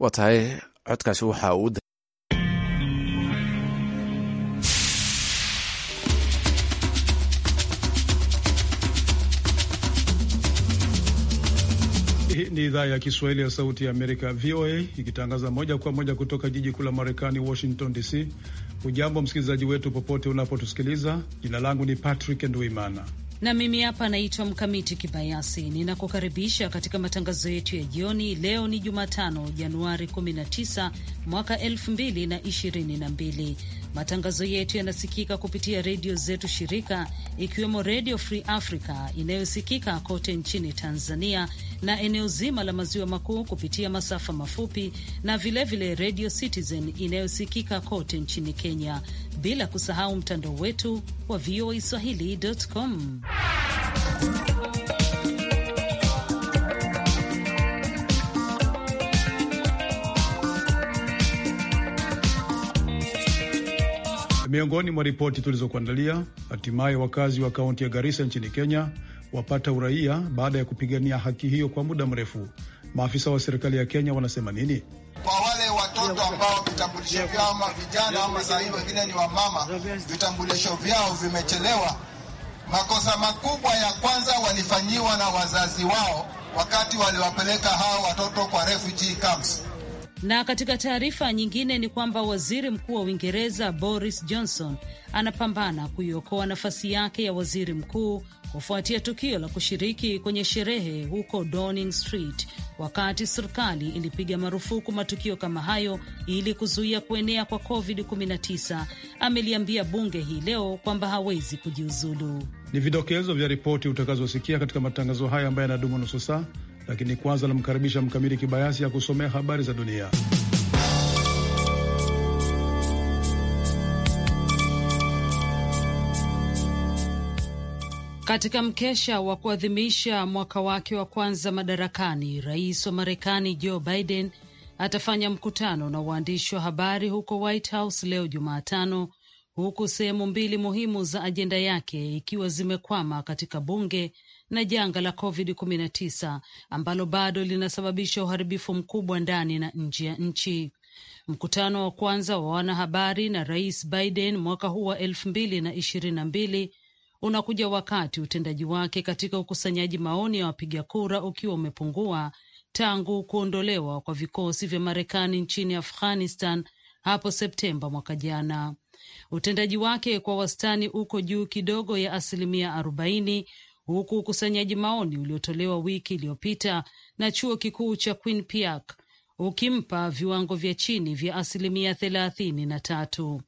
watahay codkaasi waxa uu Hii ni idhaa ya Kiswahili ya Sauti ya Amerika, VOA, ikitangaza moja kwa moja kutoka jiji kuu la Marekani, Washington DC. Ujambo msikilizaji wetu popote unapotusikiliza. Jina langu ni Patrick Nduimana na mimi hapa naitwa Mkamiti Kibayasi, ninakukaribisha katika matangazo yetu ya jioni. Leo ni Jumatano, Januari 19 mwaka 2022. Matangazo yetu yanasikika kupitia redio zetu shirika, ikiwemo Redio Free Africa inayosikika kote nchini Tanzania na eneo zima la maziwa makuu kupitia masafa mafupi na vilevile Redio Citizen inayosikika kote nchini Kenya, bila kusahau mtandao wetu wa voa swahilicom Miongoni mwa ripoti tulizokuandalia, hatimaye wakazi wa kaunti ya Garissa nchini Kenya wapata uraia baada ya kupigania haki hiyo kwa muda mrefu. Maafisa wa serikali ya Kenya wanasema nini? Kwa wale watoto ambao vitambulisho vyao ama vijana ama sahii wengine ni wamama, vitambulisho vyao vimechelewa, makosa makubwa ya kwanza walifanyiwa na wazazi wao wakati waliwapeleka hao watoto kwa refugee camps. Na katika taarifa nyingine ni kwamba waziri mkuu wa Uingereza Boris Johnson anapambana kuiokoa nafasi yake ya waziri mkuu kufuatia tukio la kushiriki kwenye sherehe huko Downing Street, wakati serikali ilipiga marufuku matukio kama hayo ili kuzuia kuenea kwa COVID-19. Ameliambia bunge hii leo kwamba hawezi kujiuzulu. Ni vidokezo vya ripoti utakazosikia katika matangazo haya ambayo yanadumu nusu saa lakini kwanza namkaribisha Mkamili Kibayasi ya kusomea habari za dunia. Katika mkesha wa kuadhimisha mwaka wake wa kwanza madarakani, rais wa Marekani Joe Biden atafanya mkutano na waandishi wa habari huko White House leo Jumatano, huku sehemu mbili muhimu za ajenda yake ikiwa zimekwama katika bunge na janga la COVID-19 ambalo bado linasababisha uharibifu mkubwa ndani na nje ya nchi. Mkutano wa kwanza wa wanahabari na Rais Biden mwaka huu wa elfu mbili na ishirini na mbili unakuja wakati utendaji wake katika ukusanyaji maoni ya wapiga kura ukiwa umepungua tangu kuondolewa kwa vikosi vya Marekani nchini Afghanistan hapo Septemba mwaka jana. Utendaji wake kwa wastani uko juu kidogo ya asilimia arobaini huku ukusanyaji maoni uliotolewa wiki iliyopita na chuo kikuu cha Quinnipiac ukimpa viwango vya chini vya asilimia thelathini na tatu.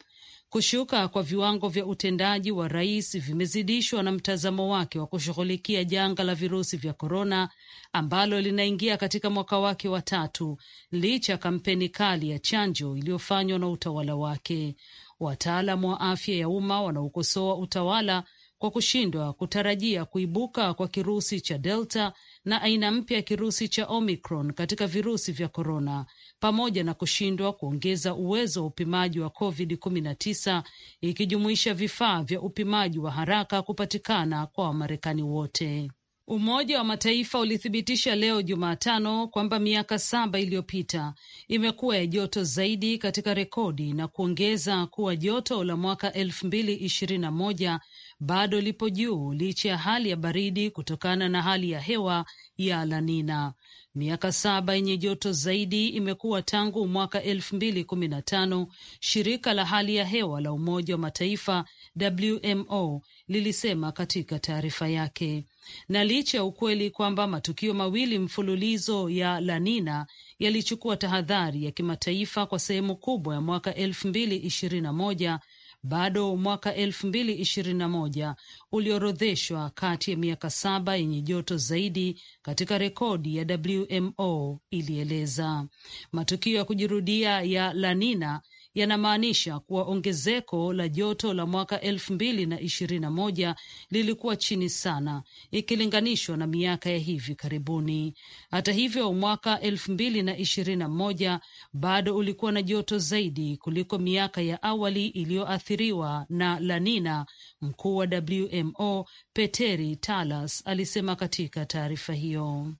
Kushuka kwa viwango vya utendaji wa rais vimezidishwa na mtazamo wake wa kushughulikia janga la virusi vya korona ambalo linaingia katika mwaka wake wa tatu licha ya kampeni kali ya chanjo iliyofanywa na utawala wake. Wataalamu wa afya ya umma wanaokosoa utawala kwa kushindwa kutarajia kuibuka kwa kirusi cha Delta na aina mpya ya kirusi cha Omicron katika virusi vya korona, pamoja na kushindwa kuongeza uwezo wa upimaji wa COVID-19 ikijumuisha vifaa vya upimaji wa haraka kupatikana kwa Wamarekani wote. Umoja wa Mataifa ulithibitisha leo Jumatano kwamba miaka saba iliyopita imekuwa ya joto zaidi katika rekodi na kuongeza kuwa joto la mwaka elfu mbili ishirini na moja bado lipo juu licha ya hali ya baridi kutokana na hali ya hewa ya La Nina. Miaka saba yenye joto zaidi imekuwa tangu mwaka elfu mbili kumi na tano, shirika la hali ya hewa la Umoja wa Mataifa WMO lilisema katika taarifa yake. Na licha ya ukweli kwamba matukio mawili mfululizo ya La Nina yalichukua tahadhari ya kimataifa kwa sehemu kubwa ya mwaka elfu mbili ishirini na moja bado mwaka elfu mbili ishirini na moja uliorodheshwa kati ya miaka saba yenye joto zaidi katika rekodi ya WMO ilieleza. Matukio ya kujirudia ya La Nina yanamaanisha kuwa ongezeko la joto la mwaka elfu mbili na ishirini na moja lilikuwa chini sana ikilinganishwa na miaka ya hivi karibuni. Hata hivyo, mwaka elfu mbili na ishirini na moja bado ulikuwa na joto zaidi kuliko miaka ya awali iliyoathiriwa na La Nina. Mkuu wa WMO Peteri Talas alisema katika taarifa hiyo.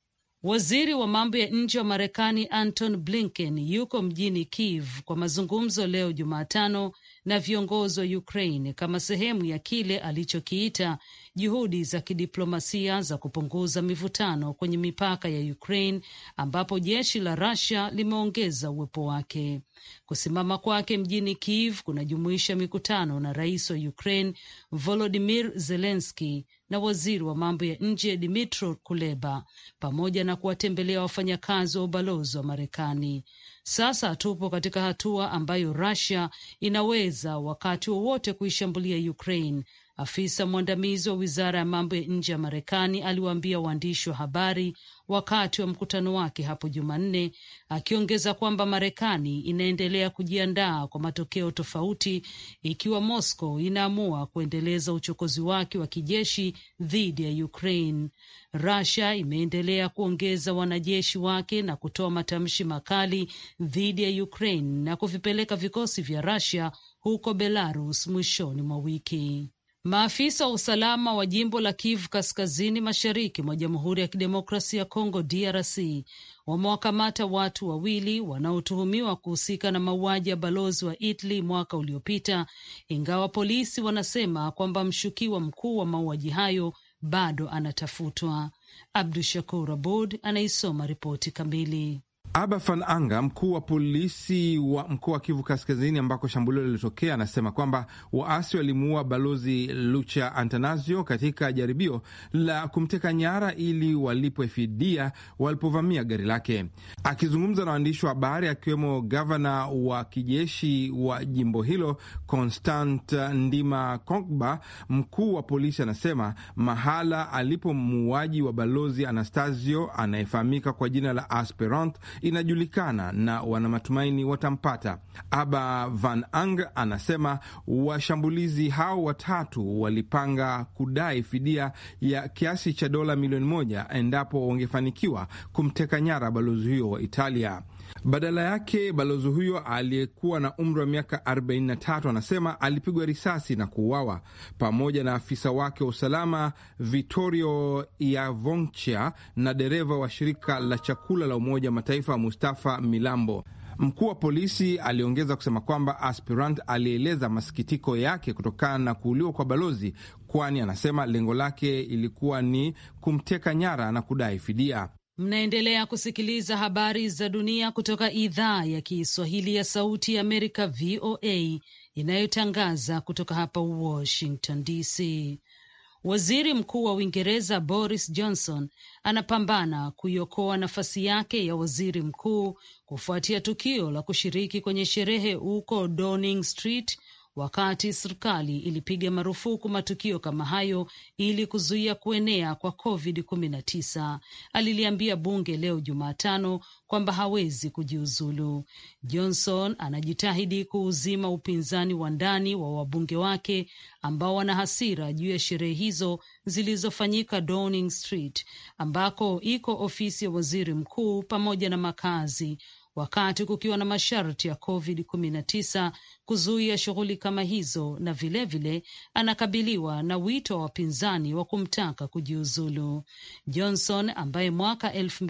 Waziri wa mambo ya nje wa Marekani Anton Blinken yuko mjini Kiev kwa mazungumzo leo Jumatano na viongozi wa Ukraine kama sehemu ya kile alichokiita juhudi za kidiplomasia za kupunguza mivutano kwenye mipaka ya Ukraine ambapo jeshi la Russia limeongeza uwepo wake. Kusimama kwake mjini Kiev kunajumuisha mikutano na rais wa Ukraine volodimir zelenski na waziri wa mambo ya nje dmitro Kuleba pamoja na kuwatembelea wafanyakazi wa ubalozi wa Marekani. Sasa tupo katika hatua ambayo Russia inaweza wakati wowote kuishambulia Ukraine, Afisa mwandamizi wa wizara ya mambo ya nje ya Marekani aliwaambia waandishi wa habari wakati wa mkutano wake hapo Jumanne, akiongeza kwamba Marekani inaendelea kujiandaa kwa matokeo tofauti ikiwa Moscow inaamua kuendeleza uchokozi wake wa kijeshi dhidi ya Ukraine. Russia imeendelea kuongeza wanajeshi wake na kutoa matamshi makali dhidi ya Ukraine na kuvipeleka vikosi vya Russia huko Belarus mwishoni mwa wiki. Maafisa wa usalama wa jimbo la Kivu kaskazini mashariki mwa Jamhuri ya Kidemokrasia ya Kongo DRC wamewakamata watu wawili wanaotuhumiwa kuhusika na mauaji ya balozi wa Italy mwaka uliopita, ingawa polisi wanasema kwamba mshukiwa mkuu wa mauaji hayo bado anatafutwa. Abdu Shakur Abud anaisoma ripoti kamili. Aba Anga, mkuu wa polisi wa mkoa wa Kivu Kaskazini ambako shambulio lilitokea, anasema kwamba waasi walimuua balozi Lucha Antanasio katika jaribio la kumteka nyara ili walipwe fidia walipovamia gari lake. Akizungumza na waandishi wa habari, akiwemo gavana wa kijeshi wa jimbo hilo Constant Ndima Kongba, mkuu wa polisi anasema mahala alipo muuaji wa balozi Anastasio anayefahamika kwa jina la Asperant inajulikana na wana matumaini watampata. Aba Van Ang anasema washambulizi hao watatu walipanga kudai fidia ya kiasi cha dola milioni moja endapo wangefanikiwa kumteka nyara balozi huyo wa Italia. Badala yake balozi huyo aliyekuwa na umri wa miaka 43 anasema alipigwa risasi na kuuawa pamoja na afisa wake wa usalama Vittorio Iavoncha na dereva wa shirika la chakula la Umoja wa Mataifa Mustafa Milambo. Mkuu wa polisi aliongeza kusema kwamba aspirant alieleza masikitiko yake kutokana na kuuliwa kwa balozi, kwani anasema lengo lake ilikuwa ni kumteka nyara na kudai fidia. Mnaendelea kusikiliza habari za dunia kutoka idhaa ya Kiswahili ya Sauti ya Amerika, VOA, inayotangaza kutoka hapa Washington DC. Waziri Mkuu wa Uingereza Boris Johnson anapambana kuiokoa nafasi yake ya waziri mkuu kufuatia tukio la kushiriki kwenye sherehe huko Downing Street wakati serikali ilipiga marufuku matukio kama hayo ili kuzuia kuenea kwa COVID-19. Aliliambia bunge leo Jumatano kwamba hawezi kujiuzulu. Johnson anajitahidi kuuzima upinzani wa ndani wa wabunge wake ambao wana hasira juu ya sherehe hizo zilizofanyika Downing Street ambako iko ofisi ya waziri mkuu pamoja na makazi wakati kukiwa na masharti ya COVID-19 kuzuia shughuli kama hizo, na vilevile vile, anakabiliwa na wito wa wapinzani wa kumtaka kujiuzulu. Johnson ambaye mwaka elfu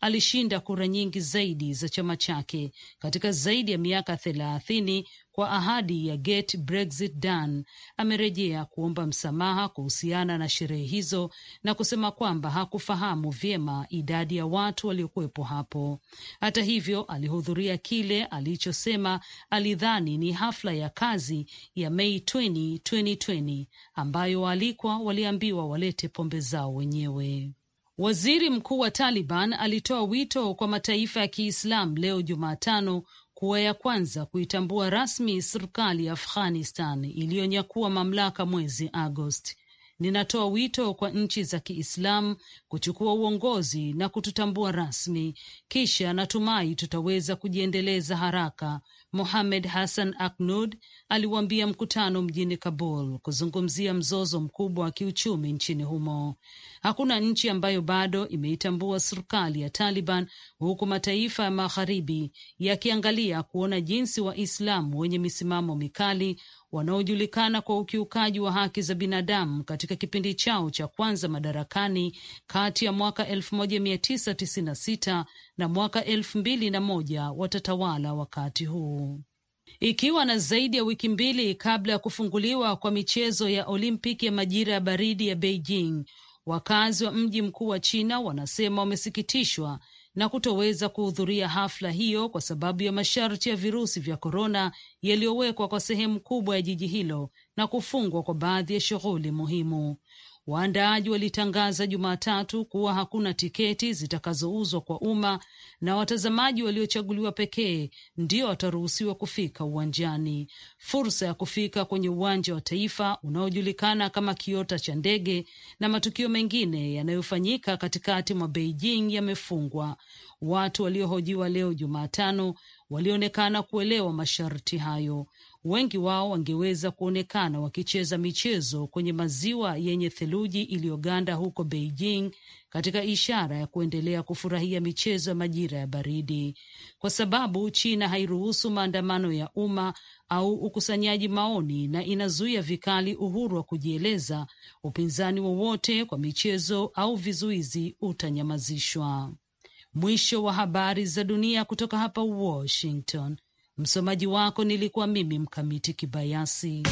alishinda kura nyingi zaidi za chama chake katika zaidi ya miaka thelathini wa ahadi ya Get Brexit Done amerejea kuomba msamaha kuhusiana na sherehe hizo na kusema kwamba hakufahamu vyema idadi ya watu waliokuwepo hapo. Hata hivyo, alihudhuria kile alichosema alidhani ni hafla ya kazi ya Mei 20, 2020 ambayo waalikwa waliambiwa walete pombe zao wenyewe. Waziri mkuu wa Taliban alitoa wito kwa mataifa ya Kiislamu leo Jumatano kuwa ya kwanza kuitambua rasmi serikali ya Afghanistan iliyonyakua mamlaka mwezi Agosti. Ninatoa wito kwa nchi za Kiislamu kuchukua uongozi na kututambua rasmi, kisha natumai tutaweza kujiendeleza haraka Mohamed Hassan Aknud aliwambia mkutano mjini Kabul kuzungumzia mzozo mkubwa wa kiuchumi nchini humo. Hakuna nchi ambayo bado imeitambua serikali ya Taliban, huku mataifa ya magharibi yakiangalia kuona jinsi Waislamu wenye misimamo mikali wanaojulikana kwa ukiukaji wa haki za binadamu katika kipindi chao cha kwanza madarakani kati ya mwaka 1996 na mwaka 2001 watatawala wakati huu. Ikiwa na zaidi ya wiki mbili kabla ya kufunguliwa kwa michezo ya Olimpiki ya majira ya baridi ya Beijing, wakazi wa mji mkuu wa China wanasema wamesikitishwa na kutoweza kuhudhuria hafla hiyo kwa sababu ya masharti ya virusi vya korona yaliyowekwa kwa sehemu kubwa ya jiji hilo na kufungwa kwa baadhi ya shughuli muhimu. Waandaaji walitangaza Jumatatu kuwa hakuna tiketi zitakazouzwa kwa umma na watazamaji waliochaguliwa pekee ndio wataruhusiwa kufika uwanjani. Fursa ya kufika kwenye uwanja wa taifa unaojulikana kama kiota cha ndege na matukio mengine yanayofanyika katikati mwa Beijing yamefungwa. Watu waliohojiwa leo Jumatano walionekana kuelewa masharti hayo wengi wao wangeweza kuonekana wakicheza michezo kwenye maziwa yenye theluji iliyoganda huko Beijing katika ishara ya kuendelea kufurahia michezo ya majira ya baridi, kwa sababu China hairuhusu maandamano ya umma au ukusanyaji maoni na inazuia vikali uhuru wa kujieleza. Upinzani wowote kwa michezo au vizuizi utanyamazishwa. Mwisho wa habari za dunia kutoka hapa Washington. Msomaji wako nilikuwa mimi Mkamiti Kibayasi.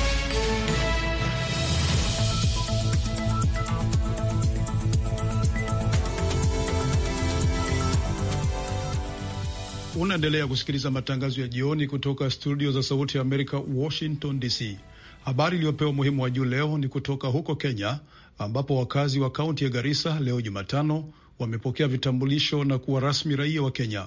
Unaendelea kusikiliza matangazo ya jioni kutoka studio za Sauti ya Amerika, Washington DC. Habari iliyopewa umuhimu wa juu leo ni kutoka huko Kenya, ambapo wakazi wa kaunti ya Garissa leo Jumatano wamepokea vitambulisho na kuwa rasmi raia wa Kenya.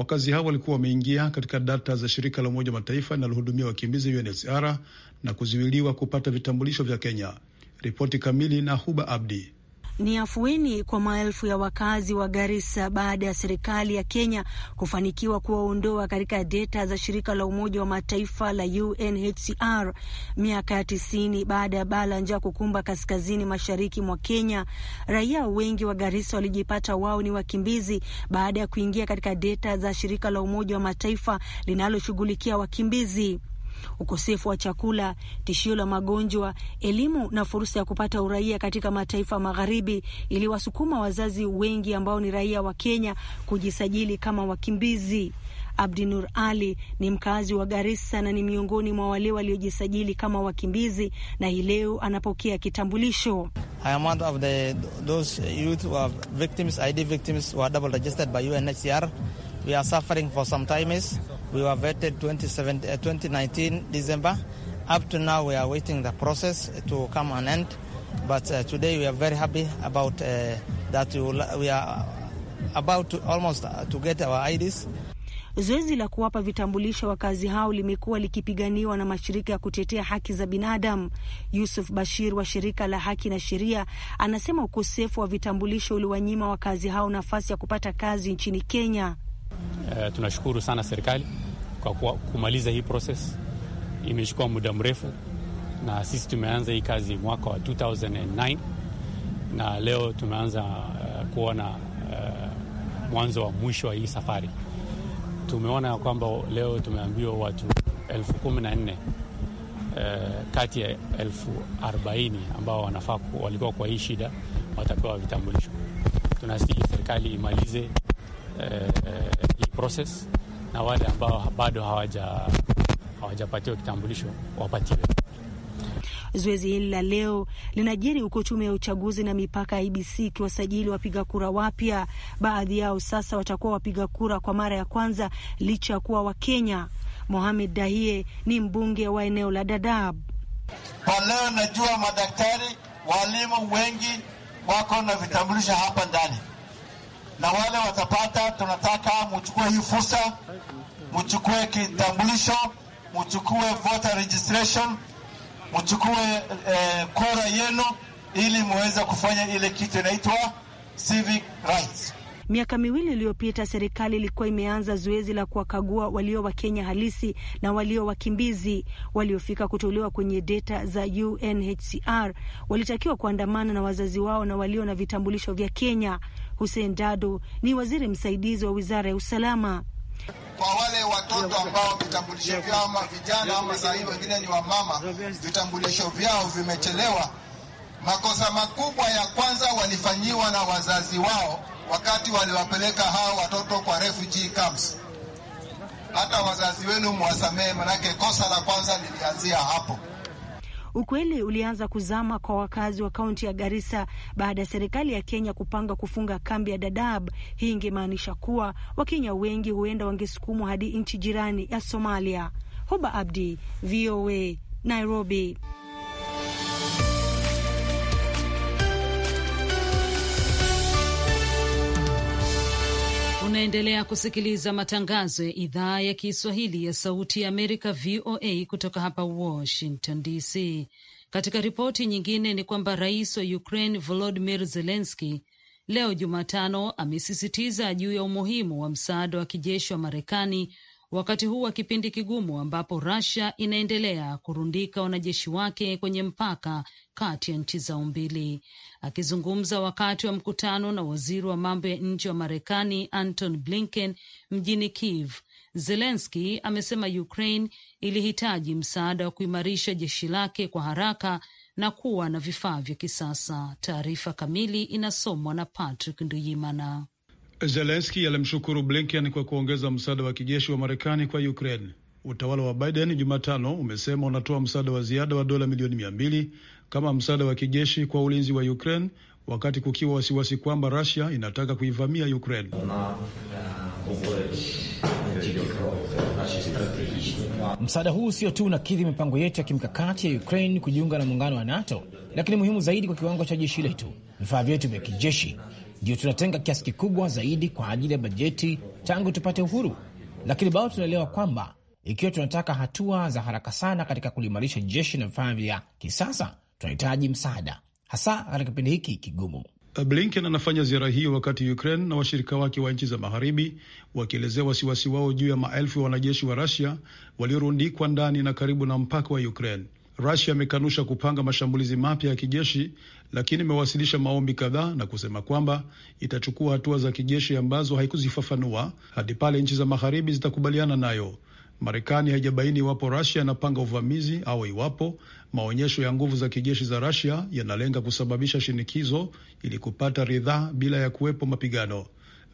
Wakazi hao walikuwa wameingia katika data za shirika la Umoja Mataifa linalohudumia wakimbizi UNHCR na kuzuiliwa kupata vitambulisho vya Kenya. Ripoti kamili na Huba Abdi ni afueni kwa maelfu ya wakazi wa Garissa baada ya serikali ya Kenya kufanikiwa kuwaondoa katika deta za shirika la Umoja wa Mataifa la UNHCR miaka ya tisini baada ya baa la njaa kukumba kaskazini mashariki mwa Kenya. Raia wengi wa Garissa walijipata wao ni wakimbizi baada ya kuingia katika deta za shirika la Umoja wa Mataifa linaloshughulikia wakimbizi ukosefu wa chakula, tishio la magonjwa, elimu na fursa ya kupata uraia katika mataifa magharibi iliwasukuma wazazi wengi ambao ni raia wa Kenya kujisajili kama wakimbizi. Abdinur Ali ni mkazi wa Garissa na ni miongoni mwa wale waliojisajili kama wakimbizi na hii leo anapokea kitambulisho. We are suffering for some time is We were vetted uh, 2019 December. Up to now, we are waiting the process to come an end. But uh, today we are very happy about uh, that we, will, we are about to almost uh, to get our IDs. Zoezi la kuwapa vitambulisho wakazi hao limekuwa likipiganiwa na mashirika ya kutetea haki za binadamu. Yusuf Bashir wa shirika la Haki na Sheria anasema ukosefu wa vitambulisho uliwanyima wakazi hao nafasi ya kupata kazi nchini Kenya. Eh, tunashukuru sana serikali kwa kumaliza hii proses Imechukua muda mrefu, na sisi tumeanza hii kazi mwaka wa 2009 na leo tumeanza uh, kuona uh, mwanzo wa mwisho wa hii safari. Tumeona kwamba leo tumeambiwa watu elfu kumi na nne uh, kati ya elfu arobaini ambao wanafaa walikuwa kwa hii shida watapewa vitambulisho. Tunasihi serikali imalize Eh, eh, hii process na wale ambao bado hawaja hawajapatiwa kitambulisho wapatiwe. Zoezi hili la leo linajiri huko Tume ya Uchaguzi na Mipaka IBC ikiwasajili wapiga kura wapya. Baadhi yao sasa watakuwa wapiga kura kwa mara ya kwanza licha ya kuwa Wakenya. Mohamed Dahie ni mbunge wa eneo la Dadaab. Kwa leo najua madaktari, walimu wengi wako na vitambulisho hapa ndani na wale watapata, tunataka mchukue hii fursa, mchukue kitambulisho, mchukue voter registration, muchukue eh, kura yenu ili muweze kufanya ile kitu inaitwa civic rights. Miaka miwili iliyopita serikali ilikuwa imeanza zoezi la kuwakagua walio wa Kenya halisi na walio wakimbizi. Waliofika kutolewa kwenye data za UNHCR walitakiwa kuandamana na wazazi wao na walio na vitambulisho vya Kenya. Hussein Dado ni waziri msaidizi wa wizara ya usalama. Kwa wale watoto ambao vitambulisho vyao ama vijana ama sahii wengine ni wamama, vitambulisho vyao vimechelewa, makosa makubwa ya kwanza walifanyiwa na wazazi wao wakati waliwapeleka hao watoto kwa refugee camps. Hata wazazi wenu mwasamehe, manake kosa la kwanza lilianzia hapo ukweli ulianza kuzama kwa wakazi wa kaunti ya Garissa baada ya serikali ya Kenya kupanga kufunga kambi ya Dadaab. Hii ingemaanisha kuwa Wakenya wengi huenda wangesukumwa hadi nchi jirani ya Somalia. Hoba Abdi, VOA, Nairobi. Unaendelea kusikiliza matangazo ya idhaa ya Kiswahili ya Sauti ya Amerika, VOA, kutoka hapa Washington DC. Katika ripoti nyingine ni kwamba rais wa Ukraine Volodimir Zelenski leo Jumatano amesisitiza juu ya umuhimu wa msaada wa kijeshi wa Marekani wakati huu wa kipindi kigumu ambapo rasia inaendelea kurundika wanajeshi wake kwenye mpaka kati ya nchi zao mbili. Akizungumza wakati wa mkutano na waziri wa mambo ya nje wa Marekani Anton Blinken mjini Kiev, Zelenski amesema Ukraine ilihitaji msaada wa kuimarisha jeshi lake kwa haraka na kuwa na vifaa vya kisasa. Taarifa kamili inasomwa na Patrick Nduyimana. Zelenski alimshukuru Blinken kwa kuongeza msaada wa kijeshi wa Marekani kwa Ukraine. Utawala wa Biden Jumatano umesema unatoa msaada wa ziada wa dola milioni mia mbili kama msaada wa kijeshi kwa ulinzi wa Ukraine wakati kukiwa wasiwasi kwamba Russia inataka kuivamia Ukraine. Msaada huu sio tu unakidhi mipango yetu ya kimkakati ya Ukraine kujiunga na muungano wa NATO, lakini muhimu zaidi kwa kiwango cha jeshi letu, vifaa vyetu vya kijeshi. Ndio tunatenga kiasi kikubwa zaidi kwa ajili ya bajeti tangu tupate uhuru, lakini bado tunaelewa kwamba ikiwa tunataka hatua za haraka sana katika kulimarisha jeshi na vifaa vya kisasa tunahitaji msaada, hasa katika kipindi hiki kigumu. Blinken anafanya ziara hiyo wakati Ukraine na washirika wake wa nchi za magharibi wakielezea wasiwasi wao juu ya maelfu ya wanajeshi wa Russia waliorundikwa ndani na karibu na mpaka wa Ukraine. Russia amekanusha kupanga mashambulizi mapya ya kijeshi, lakini imewasilisha maombi kadhaa na kusema kwamba itachukua hatua za kijeshi ambazo haikuzifafanua hadi pale nchi za magharibi zitakubaliana nayo. Marekani haijabaini iwapo Russia inapanga uvamizi au iwapo Maonyesho ya nguvu za kijeshi za Russia yanalenga kusababisha shinikizo ili kupata ridhaa bila ya kuwepo mapigano.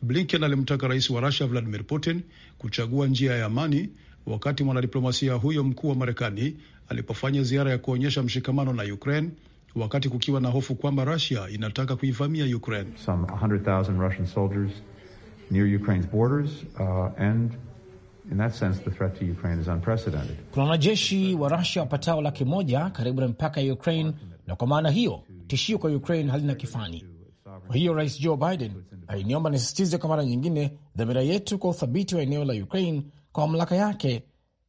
Blinken alimtaka rais wa Russia Vladimir Putin kuchagua njia ya amani wakati mwanadiplomasia huyo mkuu wa Marekani alipofanya ziara ya kuonyesha mshikamano na Ukraine wakati kukiwa na hofu kwamba Russia inataka kuivamia Ukraine. Some 100,000 Russian soldiers near Ukraine's borders, uh, and kuna wanajeshi wa Rasia wapatao laki moja karibu na mipaka ya Ukraine, na kwa maana hiyo tishio kwa Ukraine halina kifani. Kwa hiyo Rais Joe Biden aliniomba nisisitize kwa mara nyingine dhamira yetu kwa uthabiti wa eneo la Ukraine, kwa mamlaka yake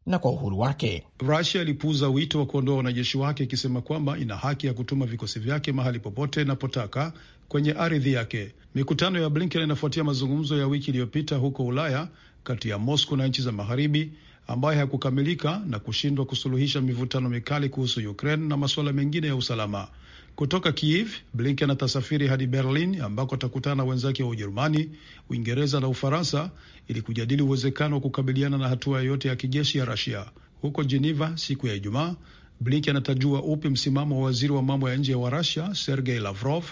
na kwa uhuru wake. Rusia ilipuuza wito wa kuondoa wanajeshi wake ikisema kwamba ina haki ya kutuma vikosi vyake mahali popote inapotaka kwenye ardhi yake. Mikutano ya Blinken inafuatia mazungumzo ya wiki iliyopita huko Ulaya kati ya Moscow na nchi za magharibi ambayo hayakukamilika na kushindwa kusuluhisha mivutano mikali kuhusu Ukraine na masuala mengine ya usalama. Kutoka Kiev, Blinken atasafiri hadi Berlin ambako atakutana na wenzake wa Ujerumani, Uingereza na Ufaransa ili kujadili uwezekano wa kukabiliana na hatua yoyote ya kijeshi ya Russia. Huko Geneva siku ya Ijumaa, Blinken atajua upi msimamo wa waziri wa mambo ya nje wa Russia Sergei Lavrov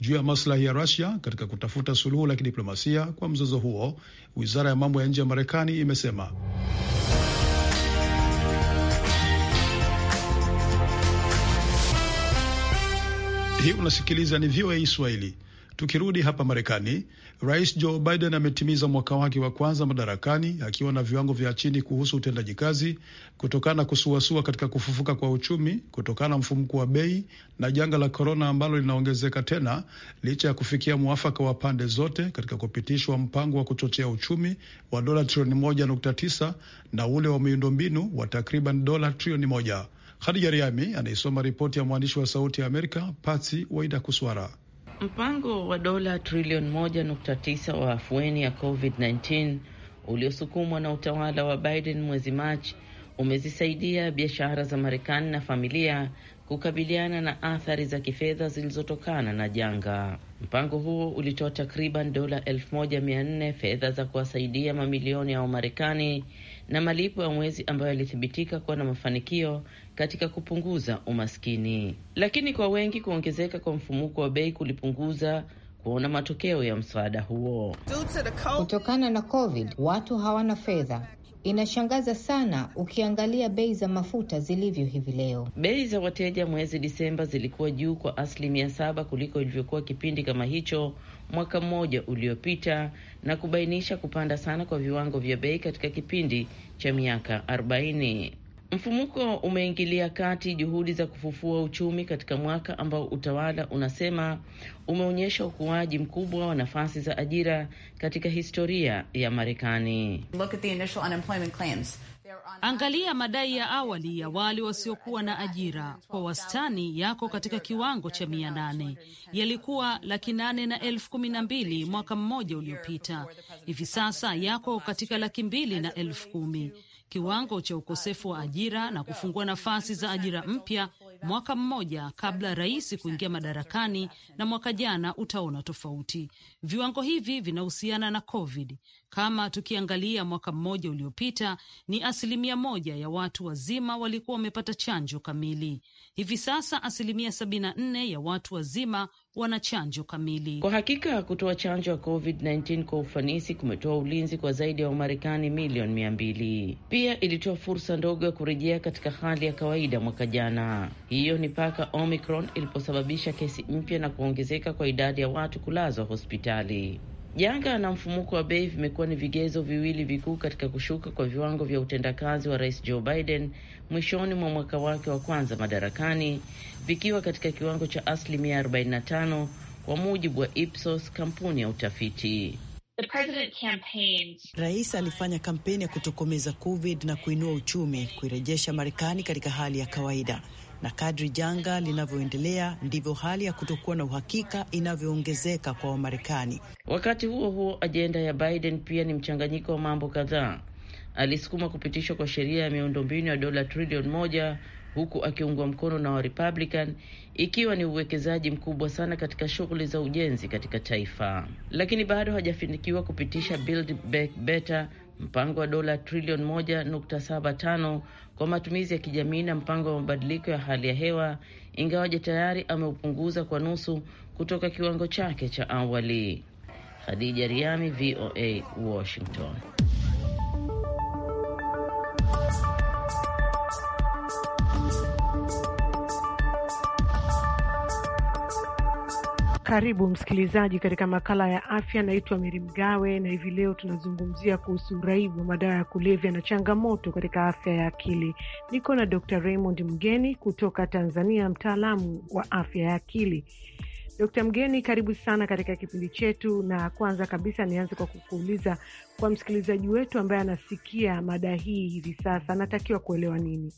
juu ya maslahi ya rusia katika kutafuta suluhu la kidiplomasia kwa mzozo huo, wizara ya mambo ya nje ya Marekani imesema. Hii unasikiliza ni VOA Swahili. Tukirudi hapa Marekani, Rais Joe Biden ametimiza mwaka wake wa kwanza madarakani akiwa na viwango vya chini kuhusu utendaji kazi kutokana na kusuasua katika kufufuka kwa uchumi kutokana na mfumuko wa bei na janga la korona ambalo linaongezeka tena, licha ya kufikia mwafaka wa pande zote katika kupitishwa mpango wa kuchochea uchumi wa dola trilioni moja nukta tisa na ule wa miundombinu wa takriban dola trilioni moja. Khadija Riami anaisoma ripoti ya mwandishi wa Sauti ya Amerika Patsi Waida Kuswara. Mpango wa dola trilioni 1.9 wa afueni ya COVID-19 uliosukumwa na utawala wa Biden mwezi Machi umezisaidia biashara za Marekani na familia kukabiliana na athari za kifedha zilizotokana na janga. Mpango huo ulitoa takriban dola elfu fedha za kuwasaidia mamilioni ya Wamarekani na malipo ya mwezi ambayo yalithibitika kuwa na mafanikio katika kupunguza umaskini. Lakini kwa wengi, kuongezeka kwa mfumuko wa bei kulipunguza kuona matokeo ya msaada huo. Kutokana na COVID, watu hawana fedha, Inashangaza sana ukiangalia bei za mafuta zilivyo hivi leo. Bei za wateja mwezi Disemba zilikuwa juu kwa asilimia saba kuliko ilivyokuwa kipindi kama hicho mwaka mmoja uliopita, na kubainisha kupanda sana kwa viwango vya bei katika kipindi cha miaka 40. Mfumuko umeingilia kati juhudi za kufufua uchumi katika mwaka ambao utawala unasema umeonyesha ukuaji mkubwa wa nafasi za ajira katika historia ya Marekani. Angalia madai ya awali ya wale wasiokuwa na ajira, kwa wastani yako katika kiwango cha mia nane. Yalikuwa laki nane na elfu kumi na mbili mwaka mmoja uliopita, hivi sasa yako katika laki mbili na elfu kumi kiwango cha ukosefu wa ajira na kufungua nafasi za ajira mpya mwaka mmoja kabla rais kuingia madarakani, na mwaka jana utaona tofauti. Viwango hivi vinahusiana na COVID. Kama tukiangalia mwaka mmoja uliopita, ni asilimia moja ya watu wazima walikuwa wamepata chanjo kamili. Hivi sasa asilimia sabini na nne ya watu wazima wana chanjo kamili. Kwa hakika kutoa chanjo ya COVID-19 kwa ufanisi kumetoa ulinzi kwa zaidi ya Wamarekani milioni mia mbili. Pia ilitoa fursa ndogo ya kurejea katika hali ya kawaida mwaka jana. Hiyo ni mpaka Omicron iliposababisha kesi mpya na kuongezeka kwa idadi ya watu kulazwa hospitali. Janga na mfumuko wa bei vimekuwa ni vigezo viwili vikuu katika kushuka kwa viwango vya utendakazi wa Rais Joe Biden mwishoni mwa mwaka wake wa kwanza madarakani vikiwa katika kiwango cha asilimia 45 kwa mujibu wa Ipsos, kampuni ya utafiti. Rais alifanya kampeni ya kutokomeza COVID na kuinua uchumi, kuirejesha Marekani katika hali ya kawaida, na kadri janga linavyoendelea ndivyo hali ya kutokuwa na uhakika inavyoongezeka kwa Wamarekani. Wakati huo huo, ajenda ya Biden pia ni mchanganyiko wa mambo kadhaa alisukuma kupitishwa kwa sheria ya miundombinu ya dola trilioni moja huku akiungwa mkono na Warepublican ikiwa ni uwekezaji mkubwa sana katika shughuli za ujenzi katika taifa, lakini bado hajafanikiwa kupitisha Build Back Better, mpango wa dola trilioni moja nukta saba tano kwa matumizi ya kijamii na mpango wa mabadiliko ya hali ya hewa, ingawaje tayari ameupunguza kwa nusu kutoka kiwango chake cha awali. Khadija Riami, VOA, Washington. Karibu msikilizaji katika makala ya afya. Naitwa Meri Mgawe na hivi leo tunazungumzia kuhusu uraibu wa madawa ya kulevya na changamoto katika afya ya akili. Niko na Dr Raymond Mgeni kutoka Tanzania, mtaalamu wa afya ya akili. Dr Mgeni, karibu sana katika kipindi chetu, na kwanza kabisa nianze kwa kukuuliza, kwa msikilizaji wetu ambaye anasikia mada hii hivi sasa, anatakiwa kuelewa nini?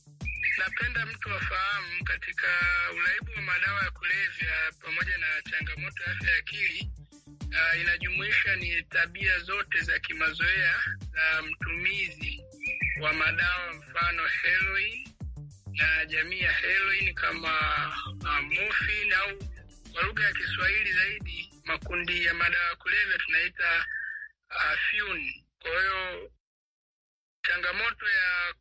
Napenda mtu afahamu katika uraibu wa madawa ya kulevya pamoja na changamoto ya afya ya akili uh, inajumuisha ni tabia zote za kimazoea za mtumizi wa madawa, mfano heroin na jamii ya heroin kama uh, morphine au kwa lugha ya Kiswahili zaidi makundi ya madawa ya kulevya tunaita uh, fune. Kwa hiyo changamoto ya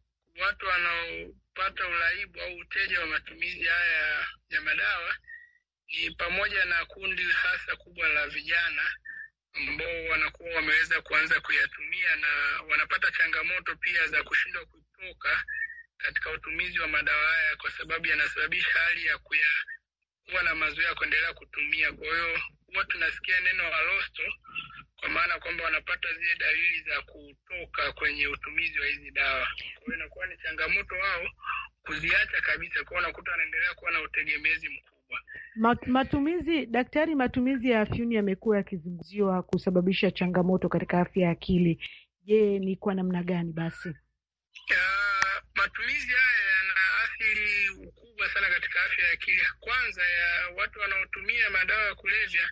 watu wanao kupata uraibu au uteja wa matumizi haya ya madawa ni pamoja na kundi hasa kubwa la vijana ambao wanakuwa wameweza kuanza kuyatumia na wanapata changamoto pia za kushindwa kutoka katika utumizi wa madawa haya, kwa sababu yanasababisha hali ya kuya kuwa na mazoea ya kuendelea kutumia. Kwa hiyo huwa tunasikia neno alosto kwa maana kwamba wanapata zile dalili za kutoka kwenye utumizi wa hizi dawa. Kwa hiyo inakuwa ni changamoto wao kuziacha kabisa, kwa unakuta wanaendelea kuwa na utegemezi mkubwa. Matumizi daktari, matumizi ya afyuni yamekuwa yakizungumziwa kusababisha changamoto katika afya ya akili. Je, ni kwa namna gani basi? Uh, matumizi haya yanaathiri ukubwa sana katika afya ya akili, kwanza ya watu wanaotumia madawa ya kulevya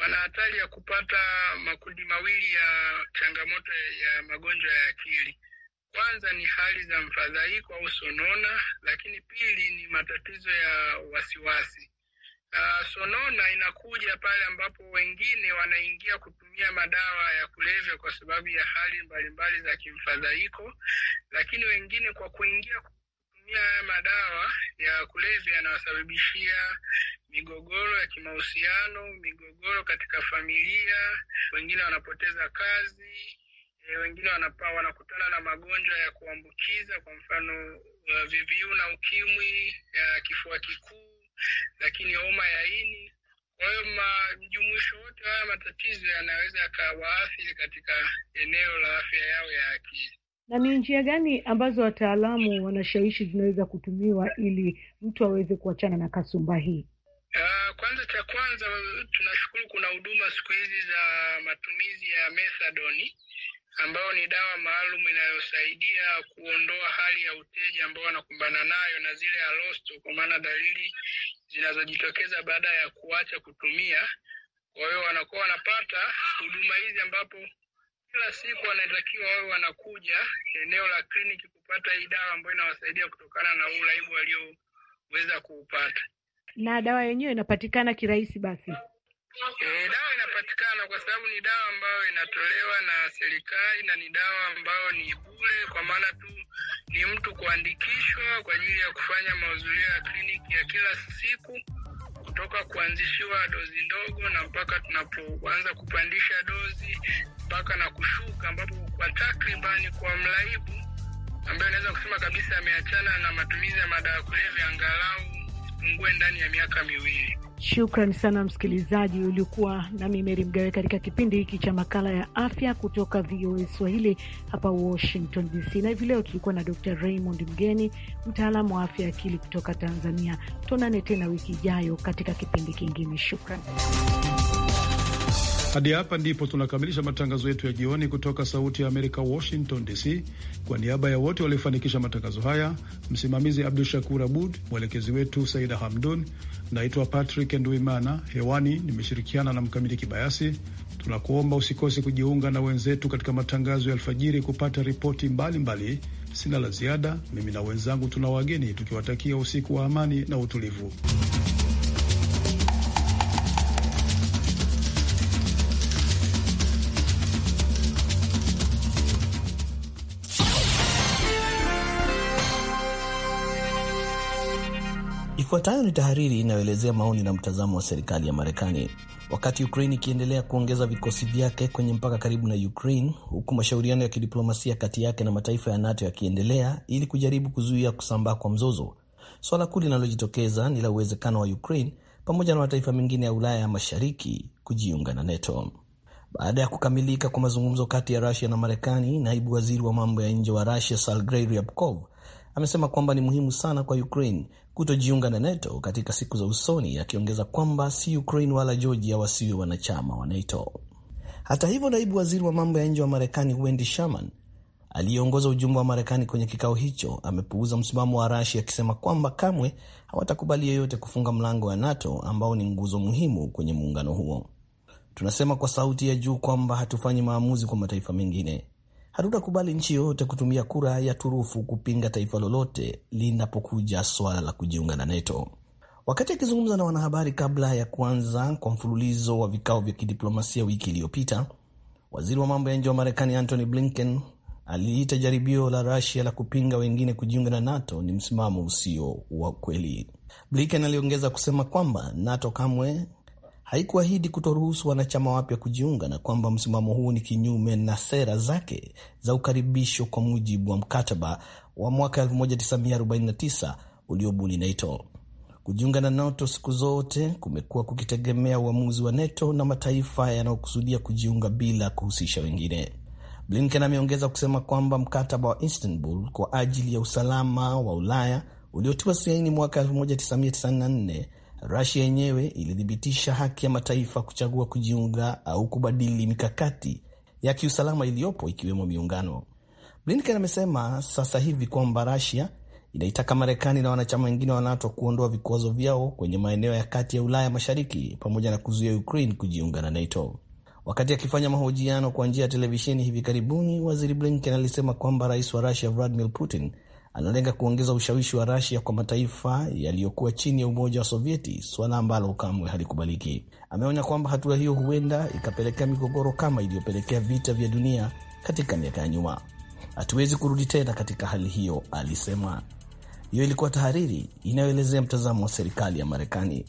wana hatari ya kupata makundi mawili ya changamoto ya magonjwa ya akili. Kwanza ni hali za mfadhaiko au sonona, lakini pili ni matatizo ya wasiwasi. Uh, sonona inakuja pale ambapo wengine wanaingia kutumia madawa ya kulevya kwa sababu ya hali mbalimbali za kimfadhaiko, lakini wengine kwa kuingia kutumia madawa ya kulevya yanawasababishia migogoro ya kimahusiano, migogoro katika familia, wengine wanapoteza kazi eh, wengine wanapa wanakutana na magonjwa ya kuambukiza kwa mfano uh, VVU na ukimwi ya kifua kikuu, lakini homa ya ini. Kwa hiyo majumuisho wote haya matatizo yanaweza yakawaathiri katika eneo la afya yao ya akili na ni njia gani ambazo wataalamu wanashawishi zinaweza kutumiwa ili mtu aweze kuachana na kasumba hii? Uh, kwanza cha kwanza tunashukuru kuna huduma siku hizi za matumizi ya methadoni ambayo ni dawa maalum inayosaidia kuondoa hali ya uteja ambao wanakumbana nayo na zile alosto, kwa maana dalili zinazojitokeza baada ya kuacha kutumia. Kwa hiyo wanakuwa wanapata huduma hizi ambapo kila siku wanatakiwa wawe wanakuja eneo la kliniki kupata hii dawa ambayo inawasaidia kutokana na uraibu walioweza kuupata. Na dawa yenyewe inapatikana kirahisi basi? E, dawa inapatikana kwa sababu ni dawa ambayo inatolewa na serikali na ni dawa ambayo ni bure, kwa maana tu ni mtu kuandikishwa kwa ajili ya kufanya mahudhurio ya kliniki ya kila siku, kutoka kuanzishiwa dozi ndogo na mpaka tunapoanza kupandisha dozi mpaka na kushuka, ambapo kwa takribani kwa mlaibu ambaye anaweza kusema kabisa ameachana na matumizi ya madawa kulevya angalau isipungue ndani ya miaka miwili. Shukran sana msikilizaji, ulikuwa nami Meri Mgawe katika kipindi hiki cha makala ya afya kutoka VOA Swahili hapa Washington DC, na hivi leo tulikuwa na Dr Raymond Mgeni, mtaalamu wa afya ya akili kutoka Tanzania. Tuonane tena wiki ijayo katika kipindi kingine. Shukran. Hadi hapa ndipo tunakamilisha matangazo yetu ya jioni kutoka Sauti ya Amerika, Washington DC. Kwa niaba ya wote waliofanikisha matangazo haya, msimamizi Abdu Shakur Abud, mwelekezi wetu Saida Hamdun. Naitwa Patrick Nduimana, hewani nimeshirikiana na Mkamili Kibayasi. Tunakuomba usikose kujiunga na wenzetu katika matangazo ya alfajiri kupata ripoti mbalimbali. Sina la ziada, mimi na wenzangu tuna wageni, tukiwatakia usiku wa amani na utulivu. Ifuatayo ni tahariri inayoelezea maoni na mtazamo wa serikali ya Marekani. Wakati Ukraine ikiendelea kuongeza vikosi vyake kwenye mpaka karibu na Ukraine, huku mashauriano ya kidiplomasia kati yake na mataifa ya NATO yakiendelea ili kujaribu kuzuia kusambaa kwa mzozo, swala kuu linalojitokeza ni la uwezekano wa Ukraine pamoja na mataifa mengine ya Ulaya ya Mashariki kujiunga na NATO. Baada ya kukamilika kwa mazungumzo kati ya Rusia na Marekani, naibu waziri wa mambo ya nje wa Rusia Sergei Ryabkov amesema kwamba ni muhimu sana kwa Ukraine kutojiunga na NATO katika siku za usoni, akiongeza kwamba si Ukraine wala Georgia wasiwe wanachama wa NATO. Hata hivyo, naibu waziri wa mambo ya nje wa Marekani Wendy Sherman aliyeongoza ujumbe wa Marekani kwenye kikao hicho amepuuza msimamo wa Rashi akisema kwamba kamwe hawatakubali yeyote kufunga mlango wa NATO ambao ni nguzo muhimu kwenye muungano huo. Tunasema kwa sauti ya juu kwamba hatufanyi maamuzi kwa mataifa mengine. Hatutakubali nchi yoyote kutumia kura ya turufu kupinga taifa lolote linapokuja swala la kujiunga na NATO. Wakati akizungumza na wanahabari kabla ya kuanza kwa mfululizo wa vikao vya kidiplomasia wiki iliyopita, waziri wa mambo ya nje wa Marekani Antony Blinken aliita jaribio la Rusia la kupinga wengine kujiunga na NATO ni msimamo usio wa kweli. Blinken aliongeza kusema kwamba NATO kamwe haikuahidi kutoruhusu wanachama wapya kujiunga na kwamba msimamo huo ni kinyume na sera zake za ukaribisho kwa mujibu wa mkataba wa mwaka 1949 uliobuni NATO. Kujiunga na NATO siku zote kumekuwa kukitegemea uamuzi wa NATO na mataifa yanayokusudia kujiunga bila kuhusisha wengine. Blinken ameongeza kusema kwamba mkataba wa Istanbul kwa ajili ya usalama wa Ulaya uliotiwa saini mwaka 1994 rusia yenyewe ilithibitisha haki ya mataifa kuchagua kujiunga au kubadili mikakati ya kiusalama iliyopo ikiwemo miungano. Blinken amesema sasa hivi kwamba rusia inaitaka Marekani na wanachama wengine wa NATO kuondoa vikwazo vyao kwenye maeneo ya kati ya Ulaya Mashariki pamoja na kuzuia Ukraine kujiunga na NATO. Wakati akifanya mahojiano kwa njia ya televisheni hivi karibuni, waziri Blinken alisema kwamba rais wa Russia Vladimir Putin analenga kuongeza ushawishi wa rasia kwa mataifa yaliyokuwa chini ya Umoja wa Sovieti, suala ambalo kamwe halikubaliki. Ameonya kwamba hatua hiyo huenda ikapelekea migogoro kama iliyopelekea vita vya dunia katika miaka ya nyuma. Hatuwezi kurudi tena katika hali hiyo, alisema. Hiyo ilikuwa tahariri inayoelezea mtazamo wa serikali ya Marekani.